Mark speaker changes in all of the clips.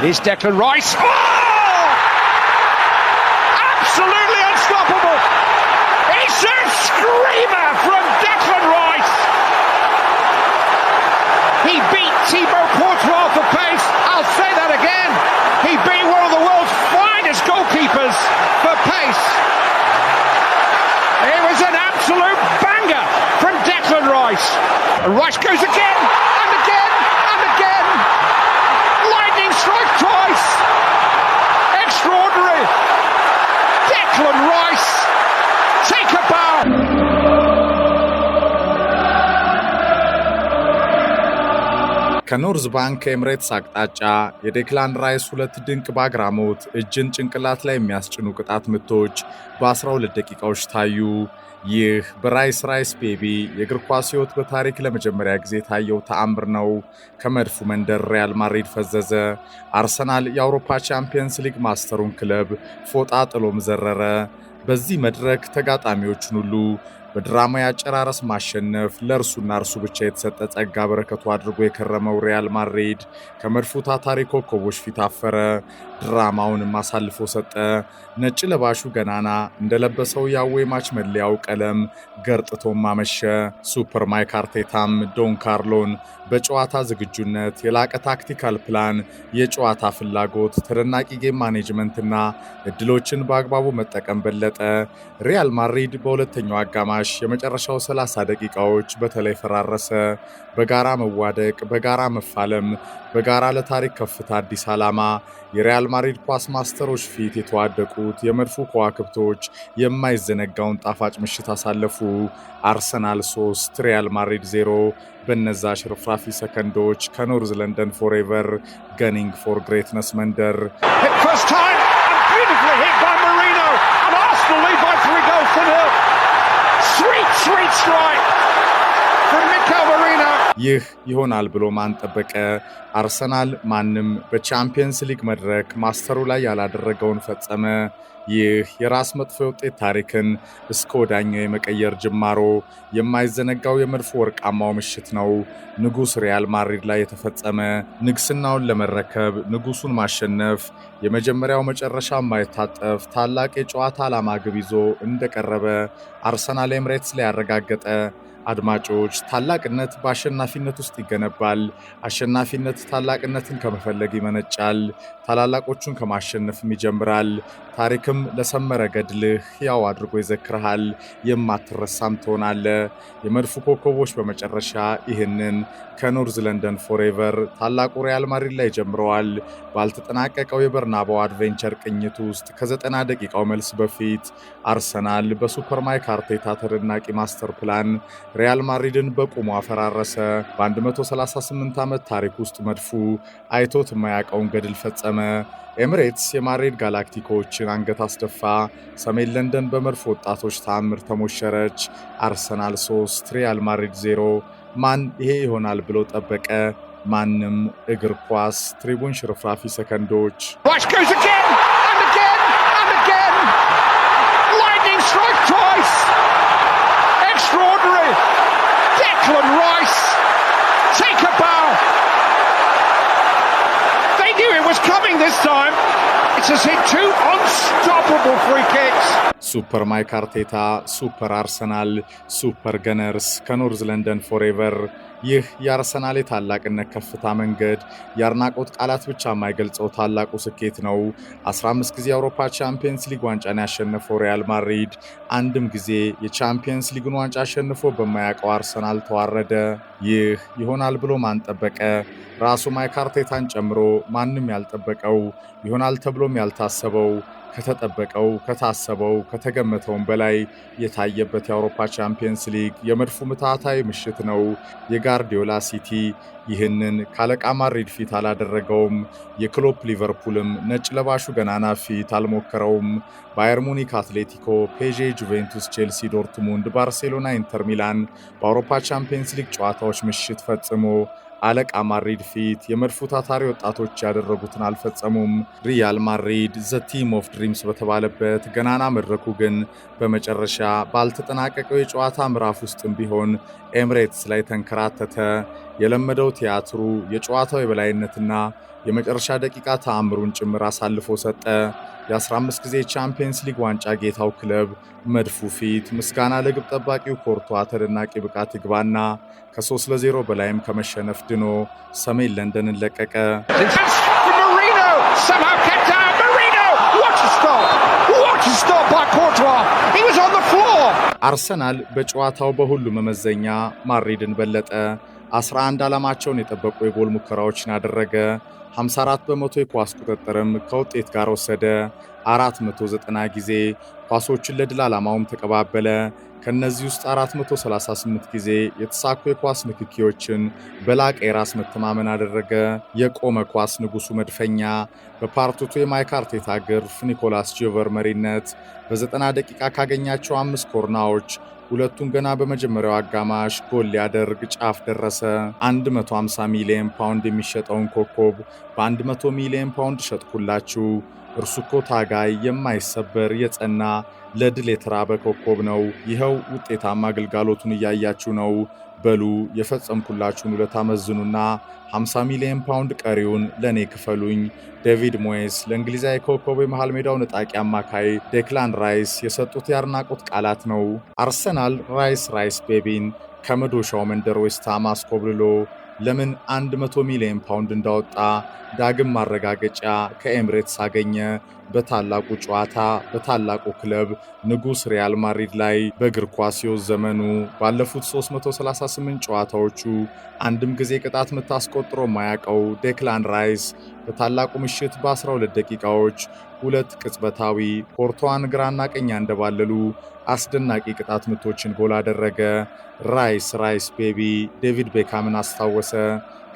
Speaker 1: It is Declan Rice. Oh! Absolutely unstoppable. It's a screamer from Declan Rice. He beat Thibaut Courtois for pace. I'll say that again. He beat one of the world's finest goalkeepers for pace. It was an absolute banger from Declan Rice. And Rice goes again.
Speaker 2: ከኖርዝ ባንክ ኤምሬትስ አቅጣጫ የዴክላን ራይስ ሁለት ድንቅ ባግራሞት እጅን ጭንቅላት ላይ የሚያስጭኑ ቅጣት ምቶች በ12 ደቂቃዎች ታዩ። ይህ በራይስ ራይስ ቤቢ የእግር ኳስ ሕይወት በታሪክ ለመጀመሪያ ጊዜ ታየው ተአምር ነው። ከመድፉ መንደር ሪያል ማድሪድ ፈዘዘ። አርሰናል የአውሮፓ ቻምፒየንስ ሊግ ማስተሩን ክለብ ፎጣ ጥሎም ዘረረ። በዚህ መድረክ ተጋጣሚዎችን ሁሉ በድራማ ያጨራረስ ማሸነፍ ለእርሱና እርሱ ብቻ የተሰጠ ጸጋ በረከቱ አድርጎ የከረመው ሪያል ማድሪድ ከመድፉ ታታሪ ኮከቦች ፊት አፈረ። ድራማውንም አሳልፎ ሰጠ። ነጭ ለባሹ ገናና እንደለበሰው ያዌ ማች መለያው ቀለም ገርጥቶም አመሸ። ሱፐር ማይክ አርቴታም ዶን ካርሎን በጨዋታ ዝግጁነት፣ የላቀ ታክቲካል ፕላን፣ የጨዋታ ፍላጎት፣ ተደናቂ ጌም ማኔጅመንትና እድሎችን በአግባቡ መጠቀም በለጠ። ሪያል ማድሪድ በሁለተኛው አጋማሽ የመጨረሻው 30 ደቂቃዎች በተለይ ፈራረሰ። በጋራ መዋደቅ፣ በጋራ መፋለም፣ በጋራ ለታሪክ ከፍታ አዲስ ዓላማ የሪያል ማድሪድ ኳስ ማስተሮች ፊት የተዋደቁት የመድፉ ከዋክብቶች የማይዘነጋውን ጣፋጭ ምሽት አሳለፉ። አርሰናል 3 ሪያል ማድሪድ 0። በነዛ ሽርፍራፊ ሰከንዶች ከኖርዝ ለንደን ፎሬቨር ገኒንግ ፎር ግሬትነስ መንደር ይህ ይሆናል ብሎ ማን ጠበቀ? አርሰናል ማንም በቻምፒየንስ ሊግ መድረክ ማስተሩ ላይ ያላደረገውን ፈጸመ። ይህ የራስ መጥፎ ውጤት ታሪክን እስከ ወዳኛው የመቀየር ጅማሮ የማይዘነጋው የመድፎ ወርቃማው ምሽት ነው። ንጉሥ ሪያል ማድሪድ ላይ የተፈጸመ ንግስናውን ለመረከብ ንጉሱን ማሸነፍ የመጀመሪያው መጨረሻ የማይታጠፍ ታላቅ የጨዋታ ዓላማ ግብ ይዞ እንደቀረበ አርሰናል ኤምሬትስ ላይ ያረጋገጠ አድማጮች ታላቅነት በአሸናፊነት ውስጥ ይገነባል። አሸናፊነት ታላቅነትን ከመፈለግ ይመነጫል። ታላላቆቹን ከማሸነፍም ይጀምራል። ታሪክም ለሰመረ ገድልህ ያው አድርጎ ይዘክርሃል። የማትረሳም ትሆናለ። የመድፉ ኮከቦች በመጨረሻ ይህንን ከኖርዝ ለንደን ፎሬቨር ታላቁ ሪያል ማድሪድ ላይ ጀምረዋል። ባልተጠናቀቀው የበርናባው አድቬንቸር ቅኝት ውስጥ ከዘጠና ደቂቃው መልስ በፊት አርሰናል በሱፐርማይክ አርቴታ ተደናቂ ማስተር ፕላን ሪያል ማድሪድን በቁሙ አፈራረሰ። በ138 ዓመት ታሪክ ውስጥ መድፉ አይቶት የማያውቀውን ገድል ፈጸመ። ኤምሬትስ የማድሪድ ጋላክቲኮዎችን አንገት አስደፋ። ሰሜን ለንደን በመድፍ ወጣቶች ተአምር ተሞሸረች። አርሰናል 3 ሪያል ማድሪድ 0። ማን ይሄ ይሆናል ብሎ ጠበቀ? ማንም። እግር ኳስ ትሪቡን ሽርፍራፊ ሰከንዶች
Speaker 1: has hit two unstoppable free kicks.
Speaker 2: ሱፐር ማይክ አርቴታ፣ ሱፐር አርሰናል፣ ሱፐር ገነርስ ከኖርዝ ለንደን ፎሬቨር ይህ የአርሰናል የታላቅነት ከፍታ መንገድ የአድናቆት ቃላት ብቻ የማይገልጸው ታላቁ ስኬት ነው። 15 ጊዜ የአውሮፓ ቻምፒየንስ ሊግ ዋንጫን ያሸነፈው ሪያል ማድሪድ አንድም ጊዜ የቻምፒየንስ ሊግን ዋንጫ አሸንፎ በማያውቀው አርሰናል ተዋረደ። ይህ ይሆናል ብሎ ማን ጠበቀ? ራሱ ማይካርቴታን አርቴታን ጨምሮ ማንም ያልጠበቀው ይሆናል ተብሎም ያልታሰበው ከተጠበቀው ከታሰበው ከተገመተውም በላይ የታየበት የአውሮፓ ቻምፒየንስ ሊግ የመድፉ ምትሃታዊ ምሽት ነው። ጋርዲዮላ ሲቲ ይህንን ካለቃ ማድሪድ ፊት አላደረገውም። የክሎፕ ሊቨርፑልም ነጭ ለባሹ ገናና ፊት አልሞከረውም። ባየር ሙኒክ፣ አትሌቲኮ፣ ፔዤ፣ ጁቬንቱስ፣ ቼልሲ፣ ዶርትሙንድ፣ ባርሴሎና፣ ኢንተር ሚላን በአውሮፓ ቻምፒየንስ ሊግ ጨዋታዎች ምሽት ፈጽሞ አለቃ ማድሪድ ፊት የመድፉ ታታሪ ወጣቶች ያደረጉትን አልፈጸሙም። ሪያል ማድሪድ ዘ ቲም ኦፍ ድሪምስ በተባለበት ገናና መድረኩ ግን በመጨረሻ ባልተጠናቀቀው የጨዋታ ምዕራፍ ውስጥም ቢሆን ኤምሬትስ ላይ ተንከራተተ። የለመደው ቲያትሩ የጨዋታው የበላይነትና የመጨረሻ ደቂቃ ተአምሩን ጭምር አሳልፎ ሰጠ። የ15 ጊዜ ቻምፒየንስ ሊግ ዋንጫ ጌታው ክለብ መድፉ ፊት ምስጋና ለግብ ጠባቂው ኮርቷ ተደናቂ ብቃት ይግባና ከ3 ለ0 በላይም ከመሸነፍ ድኖ ሰሜን ለንደንን ለቀቀ። አርሰናል በጨዋታው በሁሉ መመዘኛ ማድሪድን በለጠ። 11 ዓላማቸውን የጠበቁ የጎል ሙከራዎችን አደረገ። 54 በመቶ የኳስ ቁጥጥርም ከውጤት ጋር ወሰደ። 490 ጊዜ ኳሶችን ለድል ዓላማውም ተቀባበለ። ከነዚህ ውስጥ 438 ጊዜ የተሳኩ የኳስ ንክኪዎችን በላቀ የራስ መተማመን አደረገ። የቆመ ኳስ ንጉሱ መድፈኛ በፓርቱቱ የማይክ አርቴታ ግርፍ ኒኮላስ ጆቨር መሪነት በ90 ደቂቃ ካገኛቸው አምስት ኮርናዎች ሁለቱን ገና በመጀመሪያው አጋማሽ ጎል ሊያደርግ ጫፍ ደረሰ። 150 ሚሊዮን ፓውንድ የሚሸጠውን ኮከብ በ100 ሚሊዮን ፓውንድ ሸጥኩላችሁ እርሱ እኮ ታጋይ፣ የማይሰበር የጸና ለድል የተራበ ኮከብ ነው። ይኸው ውጤታማ አገልጋሎቱን እያያችሁ ነው። በሉ የፈጸምኩላችሁን ውለታ መዝኑና 50 ሚሊዮን ፓውንድ ቀሪውን ለእኔ ክፈሉኝ። ዴቪድ ሞየስ ለእንግሊዛዊ ኮከብ የመሃል ሜዳው ነጣቂ አማካይ ዴክላን ራይስ የሰጡት የአድናቆት ቃላት ነው። አርሰናል ራይስ ራይስ ቤቢን ከመዶሻው መንደር ዌስትሃም አስኮብልሎ ለምን 100 ሚሊዮን ፓውንድ እንዳወጣ ዳግም ማረጋገጫ ከኤምሬትስ አገኘ። በታላቁ ጨዋታ በታላቁ ክለብ ንጉስ ሪያል ማድሪድ ላይ በእግር ኳስ ሕይወት ዘመኑ ባለፉት 338 ጨዋታዎቹ አንድም ጊዜ ቅጣት ምት አስቆጥሮ ማያውቀው ዴክላን ራይስ በታላቁ ምሽት በ12 ደቂቃዎች ሁለት ቅጽበታዊ ፖርቶዋን ግራና ቀኛ እንደባለሉ አስደናቂ ቅጣት ምቶችን ጎል አደረገ። ራይስ ራይስ ቤቢ ዴቪድ ቤካምን አስታወሰ።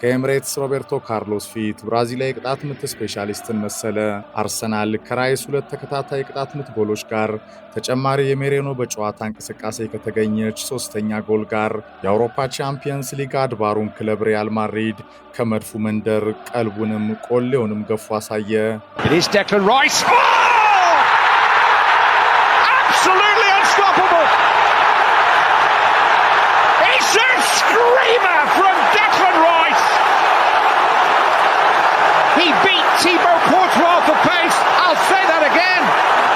Speaker 2: ከኤምሬትስ ሮቤርቶ ካርሎስ ፊት ብራዚላዊ ቅጣት ምት ስፔሻሊስትን መሰለ። አርሰናል ከራይስ ሁለት ተከታታይ ቅጣት ምት ጎሎች ጋር ተጨማሪ የሜሬኖ በጨዋታ እንቅስቃሴ ከተገኘች ሶስተኛ ጎል ጋር የአውሮፓ ቻምፒየንስ ሊግ አድባሩን ክለብ ሪያል ማድሪድ ከመድፉ መንደር ቀልቡንም ቆሌውንም ገፉ አሳየ።
Speaker 1: oh! Screamer from Declan Rice! He beat Thibaut Courtois for pace. I'll say that again.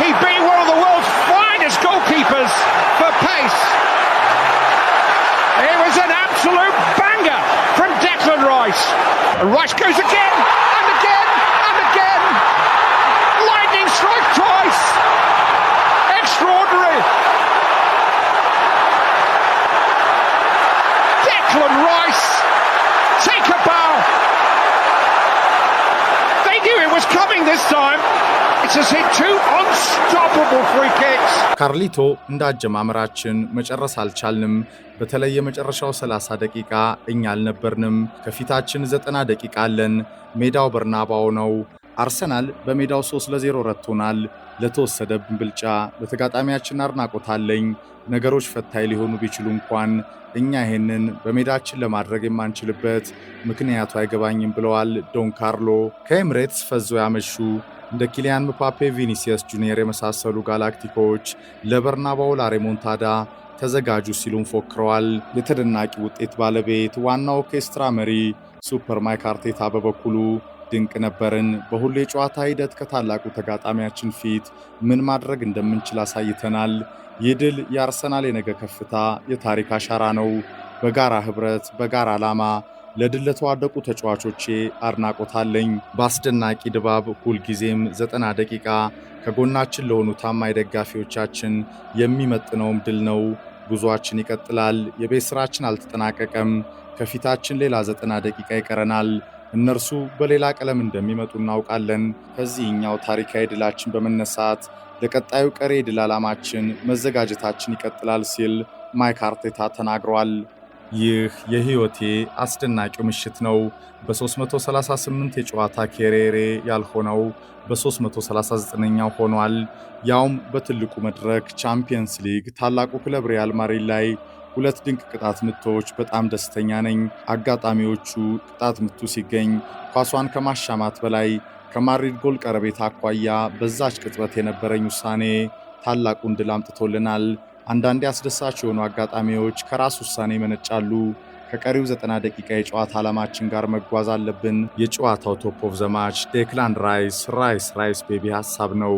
Speaker 1: He beat one of the world's finest goalkeepers for pace. It was an absolute banger from Declan Rice. And Rice goes again. And the
Speaker 2: ካርሊቶ እንዳጀ ማምራችን መጨረስ አልቻልንም። በተለይ የመጨረሻው 30 ደቂቃ እኛ አልነበርንም። ከፊታችን ዘጠና ደቂቃ አለን። ሜዳው በርናባው ነው። አርሰናል በሜዳው 3 ለ0 ረቶናል። ለተወሰደብን ብልጫ ለተጋጣሚያችን አድናቆት አለኝ። ነገሮች ፈታኝ ሊሆኑ ቢችሉ እንኳን እኛ ይህንን በሜዳችን ለማድረግ የማንችልበት ምክንያቱ አይገባኝም ብለዋል ዶን ካርሎ። ከኤምሬትስ ፈዞ ያመሹ እንደ ኪሊያን ምፓፔ፣ ቪኒሲየስ ጁኒየር የመሳሰሉ ጋላክቲኮች ለበርናባው ላሬሞንታዳ ተዘጋጁ ሲሉም ፎክረዋል። የተደናቂ ውጤት ባለቤት ዋና ኦርኬስትራ መሪ ሱፐር ማይክ አርቴታ በበኩሉ ድንቅ ነበርን። በሁሉ የጨዋታ ሂደት ከታላቁ ተጋጣሚያችን ፊት ምን ማድረግ እንደምንችል አሳይተናል። ይህ ድል የአርሰናል የነገ ከፍታ የታሪክ አሻራ ነው። በጋራ ህብረት፣ በጋራ ዓላማ ለድል ለተዋደቁ ተጫዋቾቼ አለኝ። በአስደናቂ ድባብ ሁልጊዜም ዘጠና ደቂቃ ከጎናችን ለሆኑ ታማኝ ደጋፊዎቻችን የሚመጥነውም ድል ነው። ጉዞአችን ይቀጥላል። የቤት ስራችን አልተጠናቀቀም። ከፊታችን ሌላ ዘጠና ደቂቃ ይቀረናል። እነርሱ በሌላ ቀለም እንደሚመጡ እናውቃለን። ከዚህኛው ታሪካዊ ድላችን በመነሳት ለቀጣዩ ቀሪ ድል ዓላማችን መዘጋጀታችን ይቀጥላል ሲል ማይክ አርቴታ ተናግሯል። ይህ የህይወቴ አስደናቂው ምሽት ነው። በ338 የጨዋታ ኬሬሬ ያልሆነው በ339ኛው ሆኗል። ያውም በትልቁ መድረክ ቻምፒየንስ ሊግ ታላቁ ክለብ ሪያል ማድሪድ ላይ ሁለት ድንቅ ቅጣት ምቶች። በጣም ደስተኛ ነኝ። አጋጣሚዎቹ ቅጣት ምቱ ሲገኝ ኳሷን ከማሻማት በላይ ከማድሪድ ጎል ቀረቤት አኳያ በዛች ቅጽበት የነበረኝ ውሳኔ ታላቁን ድል አምጥቶልናል። አንዳንዴ አስደሳች የሆኑ አጋጣሚዎች ከራስ ውሳኔ ይመነጫሉ። ከቀሪው 90 ደቂቃ የጨዋታ ዓላማችን ጋር መጓዝ አለብን። የጨዋታው ቶፕ ኦፍ ዘማች ዴክላን ራይስ ራይስ ራይስ ቤቢ ሀሳብ ነው።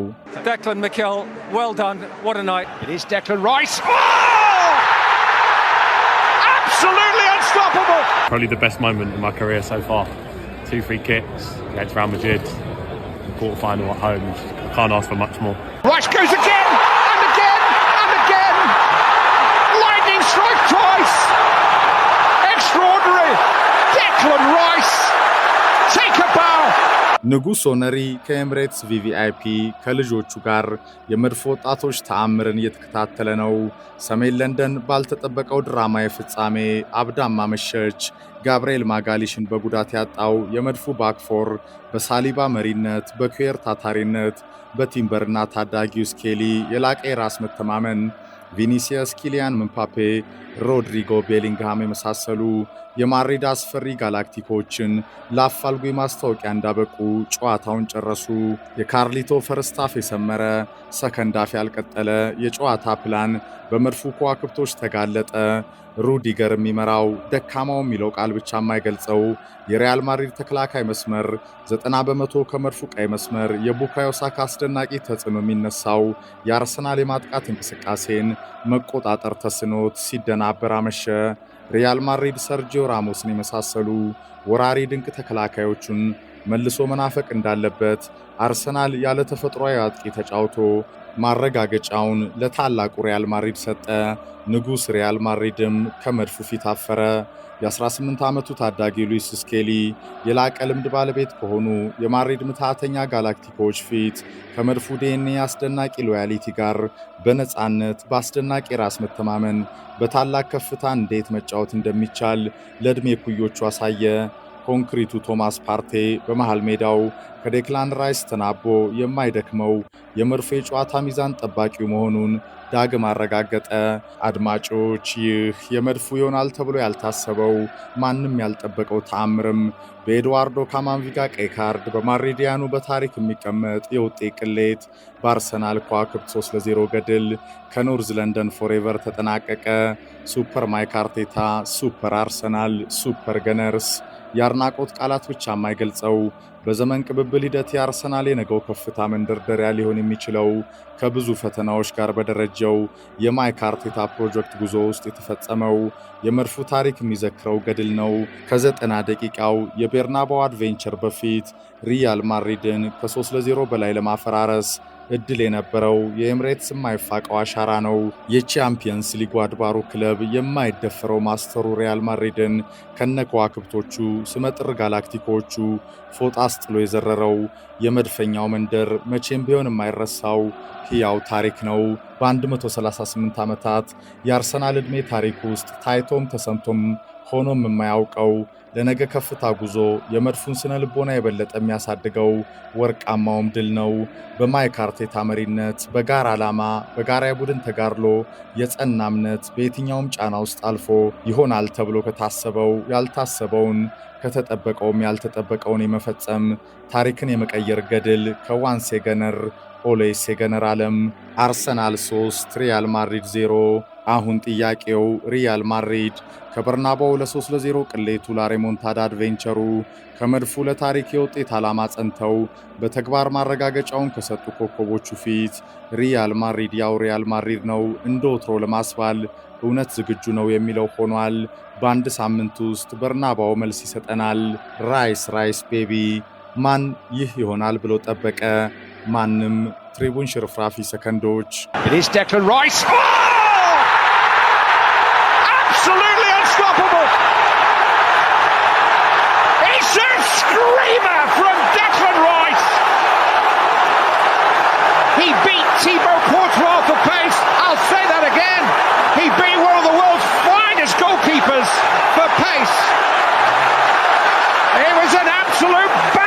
Speaker 3: Probably
Speaker 2: ንጉሥ ሆነሪ ከኤምሬትስ ቪቪአይፒ ከልጆቹ ጋር የመድፍ ወጣቶች ተአምርን እየተከታተለ ነው። ሰሜን ለንደን ባልተጠበቀው ድራማ ፍጻሜ አብዳማ መሸች። ጋብርኤል ማጋሊሽን በጉዳት ያጣው የመድፉ ባክፎር በሳሊባ መሪነት፣ በኩዌር ታታሪነት፣ በቲምበርና ታዳጊው ስኬሊ የላቀ የራስ መተማመን ቪኒሲየስ ኪሊያን ምንፓፔ ሮድሪጎ ቤሊንግሃም የመሳሰሉ የማድሪድ አስፈሪ ጋላክቲኮችን ለአፋልጉ ማስታወቂያ እንዳበቁ ጨዋታውን ጨረሱ። የካርሊቶ ፈርስታፍ የሰመረ ሰከንዳፍ ያልቀጠለ የጨዋታ ፕላን በመድፉ ከዋክብቶች ተጋለጠ። ሩዲገር የሚመራው ደካማው የሚለው ቃል ብቻ የማይገልጸው የሪያል ማድሪድ ተከላካይ መስመር ዘጠና በመቶ ከመድፉ ቀይ መስመር የቡካዮ ሳካ አስደናቂ ተጽዕኖ የሚነሳው የአርሰናል የማጥቃት እንቅስቃሴን መቆጣጠር ተስኖት ሲደና በናበር አመሸ። ሪያል ማድሪድ ሰርጂዮ ራሞስን የመሳሰሉ ወራሪ ድንቅ ተከላካዮቹን መልሶ መናፈቅ እንዳለበት አርሰናል ያለ ተፈጥሯዊ አጥቂ ተጫውቶ ማረጋገጫውን ለታላቁ ሪያል ማድሪድ ሰጠ። ንጉሥ ሪያል ማድሪድም ከመድፉ ፊት አፈረ። የ18 ዓመቱ ታዳጊ ሉዊስ ስኬሊ የላቀ ልምድ ባለቤት ከሆኑ የማድሪድ ምትሃተኛ ጋላክቲኮዎች ፊት ከመድፉ ዴኔ አስደናቂ ሎያሊቲ ጋር በነፃነት በአስደናቂ ራስ መተማመን በታላቅ ከፍታ እንዴት መጫወት እንደሚቻል ለዕድሜ ኩዮቹ አሳየ። ኮንክሪቱ ቶማስ ፓርቴ በመሃል ሜዳው ከዴክላን ራይስ ተናቦ የማይደክመው የመርፌ ጨዋታ ሚዛን ጠባቂው መሆኑን ዳግም አረጋገጠ። አድማጮች፣ ይህ የመድፉ ይሆናል ተብሎ ያልታሰበው ማንም ያልጠበቀው ተአምርም በኤድዋርዶ ካማንቪጋ ቀይ ካርድ በማድሪዲያኑ በታሪክ የሚቀመጥ የውጤ ቅሌት በአርሰናል ከዋክብት 3 ለ0 ገድል ከኖርዝ ለንደን ፎሬቨር ተጠናቀቀ። ሱፐር ማይክ አርቴታ፣ ሱፐር አርሰናል፣ ሱፐር ገነርስ የአድናቆት ቃላት ብቻ የማይገልጸው በዘመን ቅብብል ሂደት የአርሰናል የነገው ከፍታ መንደርደሪያ ሊሆን የሚችለው ከብዙ ፈተናዎች ጋር በደረጀው የማይክ አርቴታ ፕሮጀክት ጉዞ ውስጥ የተፈጸመው የመድፉ ታሪክ የሚዘክረው ገድል ነው። ከዘጠና ደቂቃው የቤርናባው አድቬንቸር በፊት ሪያል ማድሪድን ከ3 ለ0 በላይ ለማፈራረስ እድል የነበረው የኤምሬትስ የማይፋቀው አሻራ ነው። የቻምፒየንስ ሊጉ አድባሩ ክለብ የማይደፈረው ማስተሩ ሪያል ማድሪድን ከነከዋክብቶቹ ስመጥር ጋላክቲኮቹ ፎጣ አስጥሎ የዘረረው የመድፈኛው መንደር መቼም ቢሆን የማይረሳው ሕያው ታሪክ ነው። በ138 ዓመታት የአርሰናል ዕድሜ ታሪክ ውስጥ ታይቶም ተሰምቶም ሆኖም የማያውቀው ለነገ ከፍታ ጉዞ የመድፉን ስነ ልቦና የበለጠ የሚያሳድገው ወርቃማውም ድል ነው። በማይክ አርቴታ መሪነት በጋራ ዓላማ፣ በጋራ የቡድን ተጋድሎ የጸና እምነት በየትኛውም ጫና ውስጥ አልፎ ይሆናል ተብሎ ከታሰበው ያልታሰበውን ከተጠበቀውም ያልተጠበቀውን የመፈጸም ታሪክን የመቀየር ገድል ከዋንሴ ገነር ኦሌስ የገነር ዓለም አርሰናል 3 ሪያል ማድሪድ 0 አሁን ጥያቄው ሪያል ማድሪድ ከበርናባው ለ3 ለ0 ቅሌቱ ላሬሞንታዳ አድቬንቸሩ ከመድፉ ለታሪክ የውጤት ዓላማ ጸንተው በተግባር ማረጋገጫውን ከሰጡ ኮከቦቹ ፊት ሪያል ማድሪድ ያው ሪያል ማድሪድ ነው እንደ ወትሮ ለማስባል እውነት ዝግጁ ነው የሚለው ሆኗል። በአንድ ሳምንት ውስጥ በርናባው መልስ ይሰጠናል። ራይስ ራይስ ቤቢ ማን ይህ ይሆናል ብሎ ጠበቀ? ማንም ትሪቡን ሽርፍራፊ ሰከንዶች
Speaker 1: Massive screamer from Declan Rice. He beat Thibaut Courtois for pace. I'll say that again. He beat one of the world's finest goalkeepers for pace. It was an absolute.